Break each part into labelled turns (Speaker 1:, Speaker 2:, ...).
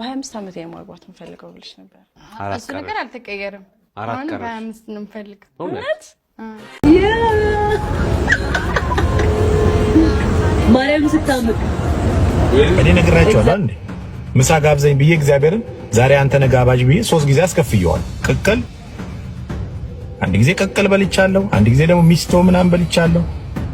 Speaker 1: በሀያ አምስት ዓመት የማግባት እንፈልገው ብልሽ ነበር።
Speaker 2: እሱ ነገር አልተቀየርም። አሁንም በሀያ አምስት ነው የምፈልገው።
Speaker 1: ማርያም ስታምቅ
Speaker 3: እኔ ነግራቸዋለሁ። አንዴ ምሳ ጋብዘኝ ብዬ እግዚአብሔርን ዛሬ አንተ ነህ ጋባዥ ብዬ ሶስት ጊዜ አስከፍየዋል። ቅቅል አንድ ጊዜ ቅቅል በልቻለሁ። አንድ ጊዜ ደግሞ ሚስቶ ምናምን በልቻለሁ።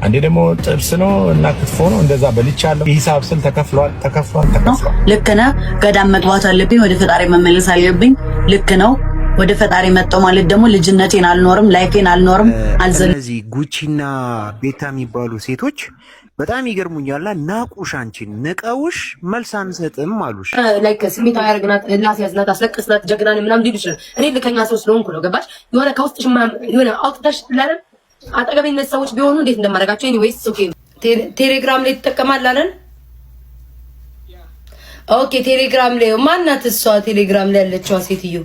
Speaker 3: አንዴ ደግሞ ጥብስ ነው እና ክትፎ ነው እንደዛ በልቻለሁ። የሂሳብ ስል ተከፍሏል፣ ተከፍሏል፣
Speaker 1: ተከፍሏል። ልክ ነህ። ገዳም መግባት አለብኝ። ወደ ፈጣሪ መመለስ አለብኝ። ልክ ነው። ወደ ፈጣሪ መጠው ማለት ደግሞ ልጅነቴን አልኖርም፣ ላይፌን አልኖርም።
Speaker 4: እነዚህ ጉቺና ቤታ የሚባሉ ሴቶች በጣም ይገርሙኛላ። ናቁሽ፣ አንቺን ንቀውሽ መልስ አንሰጥም አሉሽ።
Speaker 1: ላይክ ስሜት ያደርግናት ያዝናት አስለቅስናት ጀግናን ምናምን ሊሉ ይችላል። እኔ ልከኛ ሰው ስለሆንኩ ነው። ገባሽ? የሆነ ከውስጥሽ የሆነ አውጥተሽ ላለም አጠገብ እነዚህ ሰዎች ቢሆኑ እንዴት እንደማደርጋቸው ኤኒዌይስ ኦኬ። ቴሌግራም ላይ ትጠቀማለህ ኦኬ ቴሌግራም ላይ ማናት እሷ? ቴሌግራም ላይ ያለችዋ ሴትዮ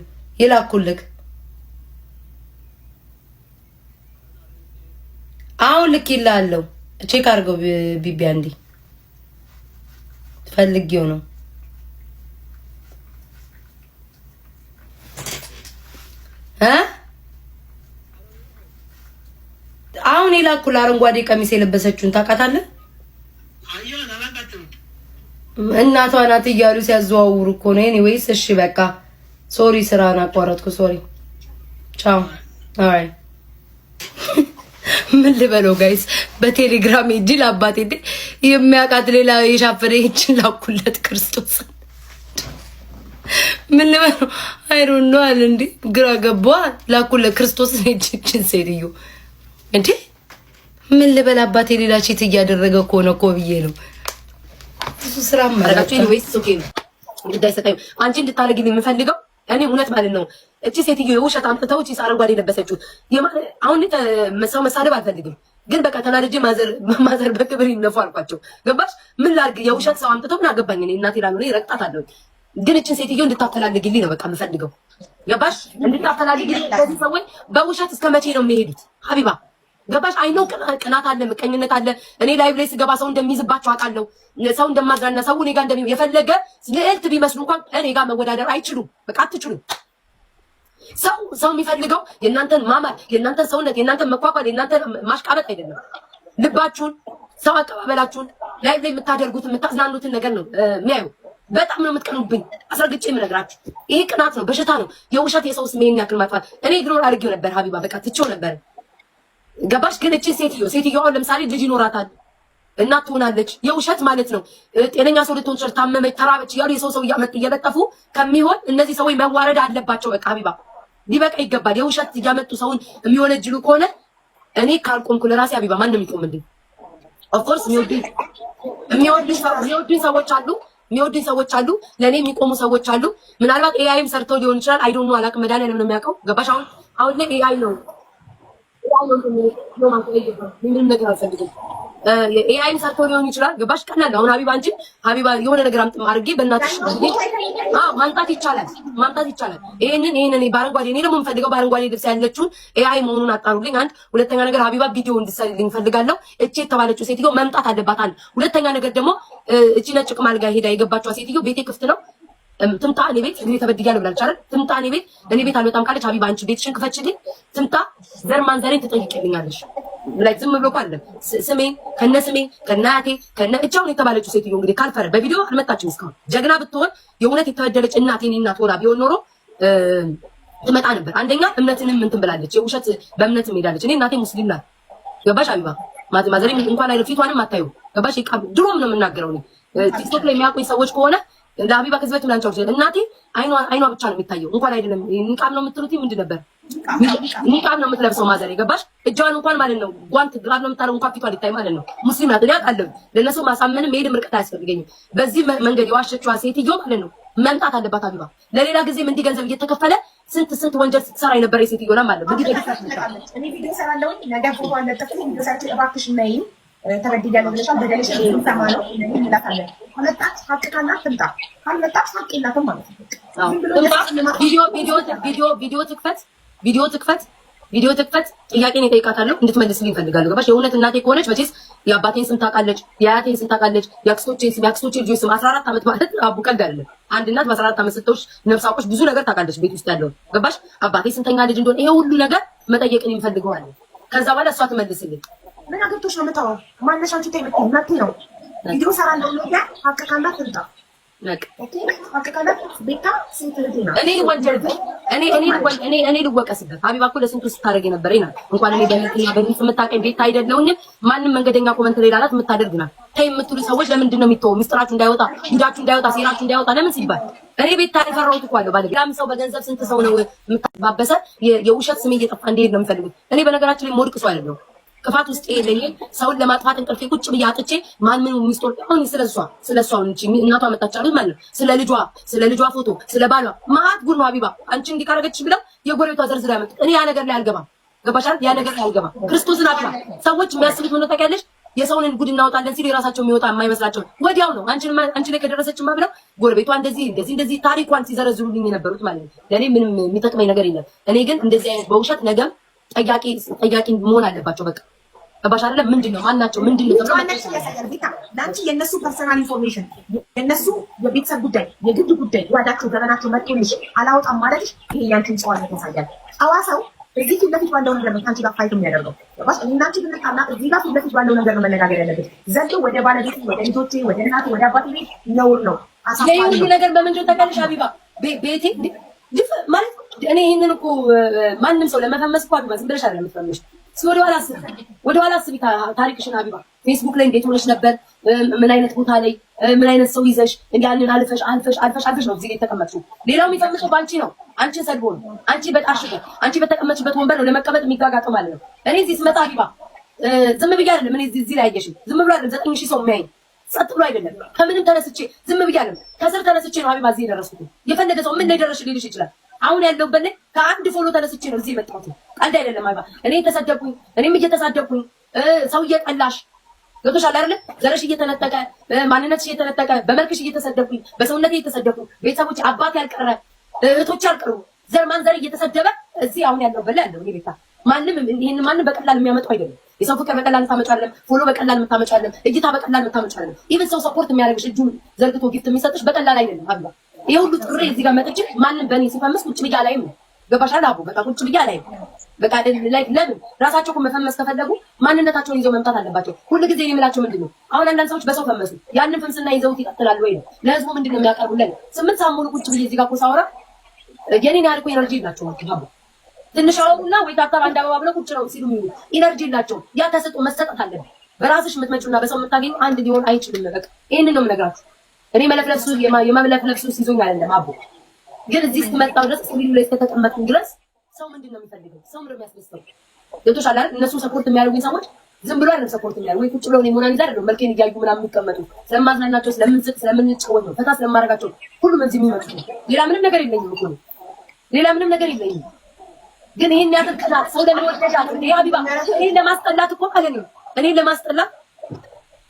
Speaker 1: ይላኩልክ። አሁን ልክ ይላለሁ። ቼክ አድርገው ቢቢ አንዴ ፈልጌው ነው በሌላ እኩል አረንጓዴ ቀሚስ የለበሰችውን ታውቃታለህ? እናቷ ናት እያሉ ሲያዘዋውሩ እኮ ነው። ኤኒዌይስ እሺ በቃ ሶሪ፣ ስራን አቋረጥኩ። ሶሪ፣ ቻው። አይ ምን ልበለው ጋይስ፣ በቴሌግራም ሂጂ ለአባቴ እንዴ የሚያውቃት ሌላ የሻፈረ ሂጂን ላኩለት ክርስቶስ ምን ልበለው አይሮን ነው አለ እንዴ ግራ ገባ። ላኩለት ክርስቶስ ሂጂን ሴትዮ እንዴ ምን ልበል አባቴ፣ ሌላ ቼት እያደረገ ከሆነ እኮ ብዬ ነው። እሱ ስራ ማለት አንቺ እንድታደርጊ የምፈልገው እኔ እውነት ማለት ነው። እቺ ሴትዮ የውሸት አምጥተው እቺ አረንጓዴ የለበሰችው አሁን ሰው መሳደብ አልፈልግም፣ ግን በቃ ተናድጄ ማዘር ማዘር በክብር ይነፉ አልኳቸው። ገባሽ? ምን ላድርግ? የውሸት ሰው አምጥተው ምን አገባኝ እኔ እናቴ ላሉ ረቅጣት አለኝ። ግን እችን ሴትዮ እንድታፈላልግልኝ ነው በቃ የምፈልገው። ገባሽ? እንድታፈላልግልኝ። ሰዎች በውሸት እስከ መቼ ነው የሚሄዱት? ሀቢባ ገባሽ? አይ ነው ቅናት አለ፣ ምቀኝነት አለ። እኔ ላይቭ ላይ ስገባ ሰው እንደሚይዝባቸው አውቃለሁ። ሰው እንደማዝናና ሰው እኔ ጋር እንደሚ የፈለገ ልዕልት ቢመስሉ እንኳን እኔ ጋር መወዳደር አይችሉም። በቃ አትችሉም። ሰው ሰው የሚፈልገው የእናንተን ማማር፣ የእናንተን ሰውነት፣ የእናንተን መኳኳል፣ የእናንተን ማሽቃበጥ አይደለም። ልባችሁን፣ ሰው አቀባበላችሁን፣ ላይቭ ላይ የምታደርጉት የምታዝናኑትን ነገር ነው የሚያዩ። በጣም ነው የምትቀኑብኝ። አስረግጬ የምነግራችሁ ይሄ ቅናት ነው፣ በሽታ ነው። የውሸት የሰው ስም ይሄን ያክል ማጥፋት እኔ ድሮ አድርጌው ነበር። ሀቢባ በቃ ትቼው ነበር። ገባሽ? ግን እቺ ሴትዮ ሴትዮዋ ለምሳሌ ልጅ ይኖራታል እናት ትሆናለች። የውሸት ማለት ነው። ጤነኛ ሰው ልትሆን ጭር ታመመች፣ ተራበች እያሉ የሰው ሰው እያመጡ እየለጠፉ ከሚሆን እነዚህ ሰዎች መዋረድ አለባቸው። በቃ ቢባ ሊበቃ ይገባል። የውሸት እያመጡ ሰውን የሚወነጅሉ ከሆነ እኔ ካልቆምኩ ለራሴ አቢባ ማን ነው የሚቆምልኝ? ኦፍኮርስ የሚወዱኝ ሰዎች አሉ የሚወዱኝ ሰዎች አሉ። ለእኔ የሚቆሙ ሰዎች አሉ። ምናልባት ኤአይም ሰርተው ሊሆን ይችላል። አይዶኑ አላውቅም። መድኃኒዓለም ነው የሚያውቀው። ገባሽ? አሁን አሁን ላይ ኤአይ ነው ምንም ነገር አልፈልግም። ኤአይን ሰርቶ ሊሆን ይችላል። ገባሽ? ቀላል አሁን ሀቢባ አንቺ ሀቢባ የሆነ ነገር አምጥም አድርጌ በእናትሽ ማምጣት ይቻላል፣ ማምጣት ይቻላል። ይሄንን ይሄንን በአረንጓዴ እኔ ደግሞ የምፈልገው በአረንጓዴ ልብስ ያለችውን ኤአይ መሆኑን አጣሩልኝ። አንድ ሁለተኛ ነገር ሀቢባ ቪዲዮ እንድሰልልኝ ፈልጋለሁ። እቺ የተባለችው ሴትዮ መምጣት አለባት። አንድ ሁለተኛ ነገር ደግሞ እቺ ነጭ ቅማል ጋር ሄዳ የገባችው ሴትዮ ቤቴ ክፍት ነው ትምጣ እኔ ቤት እንግዲህ ተበድያለሁ ብላለች አይደል? ትምጣ እኔ ቤት እኔ ቤት አልወጣም ካለች አቢባ አንቺ ቤትሽን ክፈችልኝ፣ ትምጣ ዘር ማንዘሬን ትጠይቅልኛለሽ። ላይ ዝም ብሎ አለ ስሜን ከነ ስሜ ከነ አቴ ከነ እጃውን የተባለችው ሴትዮ እንግዲህ ካልፈረ በቪዲዮ አልመጣችም እስካሁን። ጀግና ብትሆን የእውነት የተበደለች እናቴን እናት ሆና ቢሆን ኖሮ ትመጣ ነበር። አንደኛ እምነትንም እንትን ብላለች፣ የውሸት በእምነት ሄዳለች። እኔ እናቴ ሙስሊም ናት። ገባሽ ሀቢባ ማዘሬ እንኳን አይደል ፊቷንም አታዩ ገባሽ። ድሮም ነው የምናገረው ቲክቶክ ላይ የሚያውቁኝ ሰዎች ከሆነ ለሀቢባ ከዚህ በፊት ምላንቻዎች እናቴ አይኗ ብቻ ነው የሚታየው። እንኳን አይደለም ንቃብ ነው የምትሉት ምንድን ነበር? ንቃብ ነው የምትለብሰው ማዘር የገባሽ እጇን እንኳን ማለት ነው ጓንት ግራብ ነው የምታለው እንኳን ፊቷ ሊታይ ማለት ነው። ሙስሊም ናት አለው። ለእነሱ ማሳመንም መሄድም ርቀት አያስፈልገኝም። በዚህ መንገድ የዋሸችዋ ሴትዮ ማለት ነው መምጣት አለባት ሀቢባ። ለሌላ ጊዜም እንዲህ ገንዘብ እየተከፈለ ስንት ስንት ወንጀል ስትሰራ የነበረ የሴትዮ ና ማለት ነው። ተበድያለሁ ብለሻል። በደልሽ ስንሰማ ነው እንላታለን። ከመጣች ሀቅ ካላት ትምጣ፣ ካልመጣች ሀቅ የላትም ማለት ነው። ቪዲዮ ትክፈት፣ ቪዲዮ ትክፈት፣ ጥያቄን እጠይቃታለሁ እንድትመልስልኝ እፈልጋለሁ። ገባሽ? የእውነት እናቴ ከሆነች መቼስ የአባቴን ስም ታውቃለች፣ የአያቴን ስም ታውቃለች፣ የአክስቶቼን ስም፣ የአክስቶቼ ልጆች ስም። አስራ አራት ዓመት ማለት አቡ ቀልድ አይደለም። አንድ እናት በአስራ አራት ዓመት ስትወልድ ነፍስ አውቆሽ ብዙ ነገር ታውቃለች ቤት ውስጥ ያለውን። ገባሽ? አባቴ ስንተኛ ልጅ እንደሆነ ይሄ ሁሉ ነገር መጠየቅን ይፈልገዋል። ከዛ በኋላ እሷ ትመልስልኝ ምን አገብቶሽ ነው የምታወራው? ማነሽ አንቺ? ተይ መብቴ ነው። ቪዲዮ ሰራ እንደሚያ ሀቅ ካላት ትምጣ። እኔ ልወቀስበት። ሀቢባ እኮ ለስንቱ ስታደርግ እንኳን እኔ ቤታ ማንም መንገደኛ ኮመንት ላይ ላላት የምታደርግ ናት። ተይ የምትሉ ሰዎች ለምንድን ነው የሚተወው? ሚስጥራችሁ እንዳይወጣ፣ ጉዳችሁ እንዳይወጣ፣ ሴራችሁ እንዳይወጣ ለምን ሲባል እኔ ቤታ የፈራሁት እኮ አለው ሰው በገንዘብ ስንት ሰው ነው የምታባበሰ የውሸት ስሜ እየጠፋ እንደሄድ ነው የምፈልጉት። እኔ በነገራችን ላይ የምወድቅ ሰው አይደለሁም። ክፋት ውስጥ የለኝም። ሰውን ለማጥፋት እንቅልፌ ቁጭ ብዬ አጥቼ ማን ምን ሚስጦር አሁን ስለሷ ስለሷ እንጂ እናቷ መጣቻለች ማለት ነው። ስለ ልጇ ስለ ልጇ ፎቶ ስለ ባሏ ማአት ጉድ ነው። ሀቢባ አንቺ እንዲካረገች ብላ የጎረቤቷ ዘርዝር ያመጡ እኔ ያ ነገር ላይ አልገባም። ገባሻል? ያ ነገር ላይ አልገባም። ክርስቶስን አጥፋ ሰዎች የሚያስቡት ምን ታውቂያለሽ? የሰውን ጉድ እናወጣለን ሲሉ የራሳቸው የሚወጣ የማይመስላቸው ወዲያው ነው። አንቺ አንቺ ላይ ከደረሰችማ ብለው ጎረቤቷ እንደዚህ እንደዚህ እንደዚህ ታሪኳን ሲዘረዝሩልኝ የነበሩት ማለት ነው። ለእኔ ምንም የሚጠቅመኝ ነገር የለም። እኔ ግን እንደዚህ አይነት በውሸት ነገም ጠያቂ ጠያቂ መሆን አለባቸው በቃ ገባሽ አይደለም? ምንድን ነው ማናቸው? ምንድን ነው ለአንቺ የእነሱ ፐርሰናል ኢንፎርሜሽን የእነሱ የቤተሰብ ጉዳይ የግድ ጉዳይ ዋዳቸው ገበናቸው መጥቶልሽ አላወጣም ማለትሽ ይሄ ያንቺን ጨዋነት ያሳያል። ጨዋ ሰው እዚህ ፊት ለፊት ባለው ነገር ነው ከአንቺ ጋር ፋይት የሚያደርገው። ገባሽ? እናንቺ ብንጣና እዚህ ጋር ፊት ለፊት ባለው ነገር ነው መነጋገር ያለበት። ዘሎ ወደ ባለቤት ወደ ልጆቼ ወደ እናቴ ወደ አባቴ ቤት ነውር ነው። ይህ ነገር በምንድን ተቀልሽ አቢባ ቤቴ ማለት እኔ ይህንን እኮ ማንም ሰው ለመፈመስ እኮ አቢባ ዝም ብለሽ አይደለም የምትፈምሽ ወደኋላ አስቢ፣ ወደኋላ አስቢ ታሪክሽን አቢባ። ፌስቡክ ላይ እንዴት ሆነሽ ነበር? ምን አይነት ቦታ ላይ ምን አይነት ሰው ይዘሽ እንዳለን አልፈሽ አልፈሽ አልፈሽ አልፈሽ ነው እዚህ የተቀመጥሽው። ሌላው የሚፈልገው በአንቺ ነው። አንቺን ሰድቦ ነው፣ አንቺ በጣሽ ነው፣ አንቺ በተቀመጥሽበት ወንበር ነው ለመቀመጥ ማለት ነው። እኔ እዚህ ስመጣ አቢባ ዝም ብዬ አይደለም። እኔ እዚህ ላይ አየሽኝ፣ ዝም ብሎ አይደለም ዘጠኝ ሺህ ሰው ጸጥ ብሎ አይደለም። ከምንም ተነስቼ ዝም ብዬ አይደለም፣ ከስር ተነስቼ ነው አቢባ እዚህ የደረስኩት። የፈለገ ሰው ምን ላይ ደረስሽ ሊልሽ ይችላል። አሁን ያለሁበት ላይ ከአንድ ፎሎ ተነስቼ ነው እዚህ የመጣሁት። ቀልድ አይደለም። አይባ እኔ ተሰደብኩኝ፣ እኔም እየተሳደብኩኝ ሰው እየጠላሽ ገብቶሻል አይደለ? ዘረሽ እየተነጠቀ ማንነትሽ እየተነጠቀ በመልክሽ እየተሰደብኩኝ በሰውነት እየተሰደብኩኝ ቤተሰቦች አባት ያልቀረ እህቶች ያልቀሩ ዘር ማንዘር እየተሰደበ እዚህ አሁን ያለው ላይ ያለው እኔ ቤታ ማንም ይሄን ማንም በቀላል የሚያመጣው አይደለም። የሰው ፍቅር በቀላል ታመጫለም፣ ፎሎ በቀላል የምታመጫለም፣ እይታ በቀላል የምታመጫለም። ኢቨን ሰው ሰፖርት የሚያደርግሽ እጁን ዘርግቶ ጊፍት የሚሰጥሽ በቀላል አይደለም አባ የሁሉ ጥሪ እዚህ ጋር መጥቼ ማንም በእኔ ሲፈምስ ቁጭ ብያ ላይም ነው ገባሻል? አቡ በቃ ቁጭ ብያ ላይም በቃ ላይ ለምን ራሳቸው እኮ መፈመስ ከፈለጉ ማንነታቸውን ይዘው መምጣት አለባቸው። ሁሉ ጊዜ እኔ የምላቸው ምንድን ነው አሁን አንዳንድ ሰዎች በሰው ፈመሱ ያንን ፍምስና ይዘውት ይቀጥላሉ ወይ ነው ለህዝቡ ምንድን ነው የሚያቀርቡለን? ስምንት ሰዓት ሙሉ ቁጭ ብዬ እዚህ ጋር እኮ ሳወራ የኔን ያልኩ ኤነርጂ የላቸውም አቦ ትንሽ አወሩና ወይ ታካብ አንድ አበባ ብለው ቁጭ ነው ሲሉ የሚውሉ ኢነርጂ የላቸውም። ያ ተሰጥቶ መሰጠት አለብን። በራስሽ የምትመጪውና በሰው የምታገኙ አንድ ሊሆን አይችልም። በቃ ይህንን ነው የምነግራችሁ። እኔ መለፍለፍሱ የመለፍለፍሱ ሲዞኝ አይደለም አቦ ግን እዚህ ስትመጣው ድረስ ስቢሉ ላይ እስከተቀመጥኩኝ ድረስ ሰው ምንድን ነው የሚፈልገው? ሰው ምንድን ነው የሚያስደስተው? ገብቶሻል አይደል? እነሱ ሰፖርት የሚያደርጉኝ ሰዎች ዝም ብሎ አይደለም ሰፖርት የሚያደርጉ ወይ ቁጭ ብሎ እኔ ሞናሊዛ አይደለም መልኬን እያዩ ምናምን የሚቀመጡ ስለማዝናናቸው፣ ስለምንስቅ፣ ስለምንጫወት ነው ፈታ ስለማደርጋቸው ሁሉም እዚህ የሚመጡት ነው። ሌላ ምንም ነገር የለኝም እኮ ሌላ ምንም ነገር የለኝም። ግን ይሄን ያክል ቅናት ሰው ለሚወደድ ይሄ አቢባ ይሄን ለማስጠላት እኮ ማለት ነው እኔን ለማስጠላት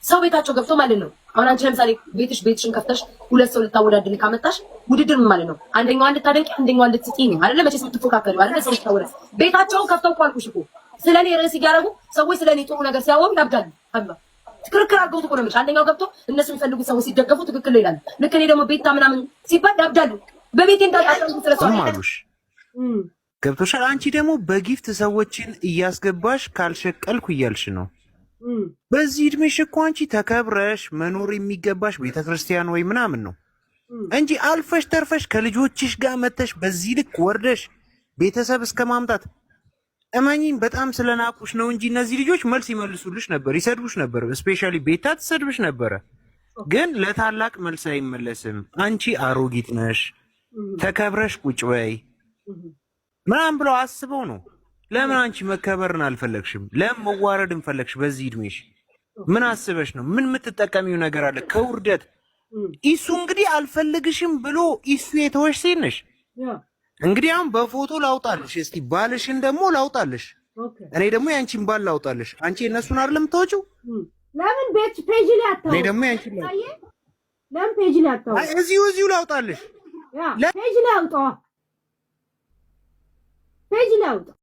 Speaker 1: ሰው ቤታቸው ገብቶ ማለት ነው። አሁን አንቺ ለምሳሌ ቤትሽ ቤትሽን ከፍተሽ ሁለት ሰው ልታወዳድሪ ካመጣሽ ውድድር ማለት ነው። አንደኛዋን ልታደንቂ፣ አንደኛዋን ልትጥይ ነው አይደለ? መቼ ስትፎካከሉ አይደለ? ሰው ታወረ ቤታቸውን ከፍተው እኮ አልኩሽ እኮ ስለኔ ርዕስ እያደረጉ ሰዎች ስለኔ ጥሩ ነገር ሲያወሩ ያብዳሉ። አባ ትክክል አድርገውት እኮ ነው የምልሽ። አንደኛው ገብቶ እነሱ የሚፈልጉት ሰዎች ሲደገፉ ትክክል ይላሉ። ልክ እኔ ደግሞ ቤታ ምናምን ሲባል ያብዳሉ። በቤቴ እንዳጣጠሩ ስለሰው አሉሽ ገብቶሻል። አንቺ ደግሞ በጊፍት ሰዎችን እያስገባሽ ካልሸቀልኩ እያልሽ ነው በዚህ እድሜሽ እኮ አንቺ ተከብረሽ መኖር የሚገባሽ ቤተክርስቲያን ወይ ምናምን ነው እንጂ አልፈሽ ተርፈሽ ከልጆችሽ ጋር መተሽ በዚህ ልክ ወርደሽ ቤተሰብ እስከ ማምጣት እመኝን በጣም ስለናቁሽ ነው እንጂ እነዚህ ልጆች መልስ ይመልሱልሽ ነበር፣ ይሰድቡሽ ነበር። ስፔሻሊ ቤታ ትሰድብሽ ነበረ፣ ግን ለታላቅ መልስ አይመለስም። አንቺ አሮጊት ነሽ፣ ተከብረሽ ቁጭ በይ ምናምን ብለው አስበው ነው ለምን አንቺ መከበርን አልፈለግሽም? ለምን መዋረድን ፈለግሽ? በዚህ እድሜሽ ምን አስበሽ ነው? ምን የምትጠቀሚው ነገር አለ ከውርደት? ኢሱ እንግዲህ አልፈልግሽም ብሎ ኢሱ የተወሽ ሴት ነሽ። እንግዲህ አሁን በፎቶ ላውጣልሽ፣ እስቲ ባልሽን ደግሞ ላውጣልሽ፣ እኔ ደግሞ ያንቺን ባል ላውጣልሽ። አንቺ እነሱን አይደለም የምታወጪው? ለምን ቤት ፔጅ ላይ አታውቂ? እኔ ደግሞ ያንቺን ለምን ፔጅ ላይ አታውቂ? እዚሁ እዚሁ ላውጣልሽ። ፔጅ ላይ አውጣ፣ ፔጅ ላይ አውጣ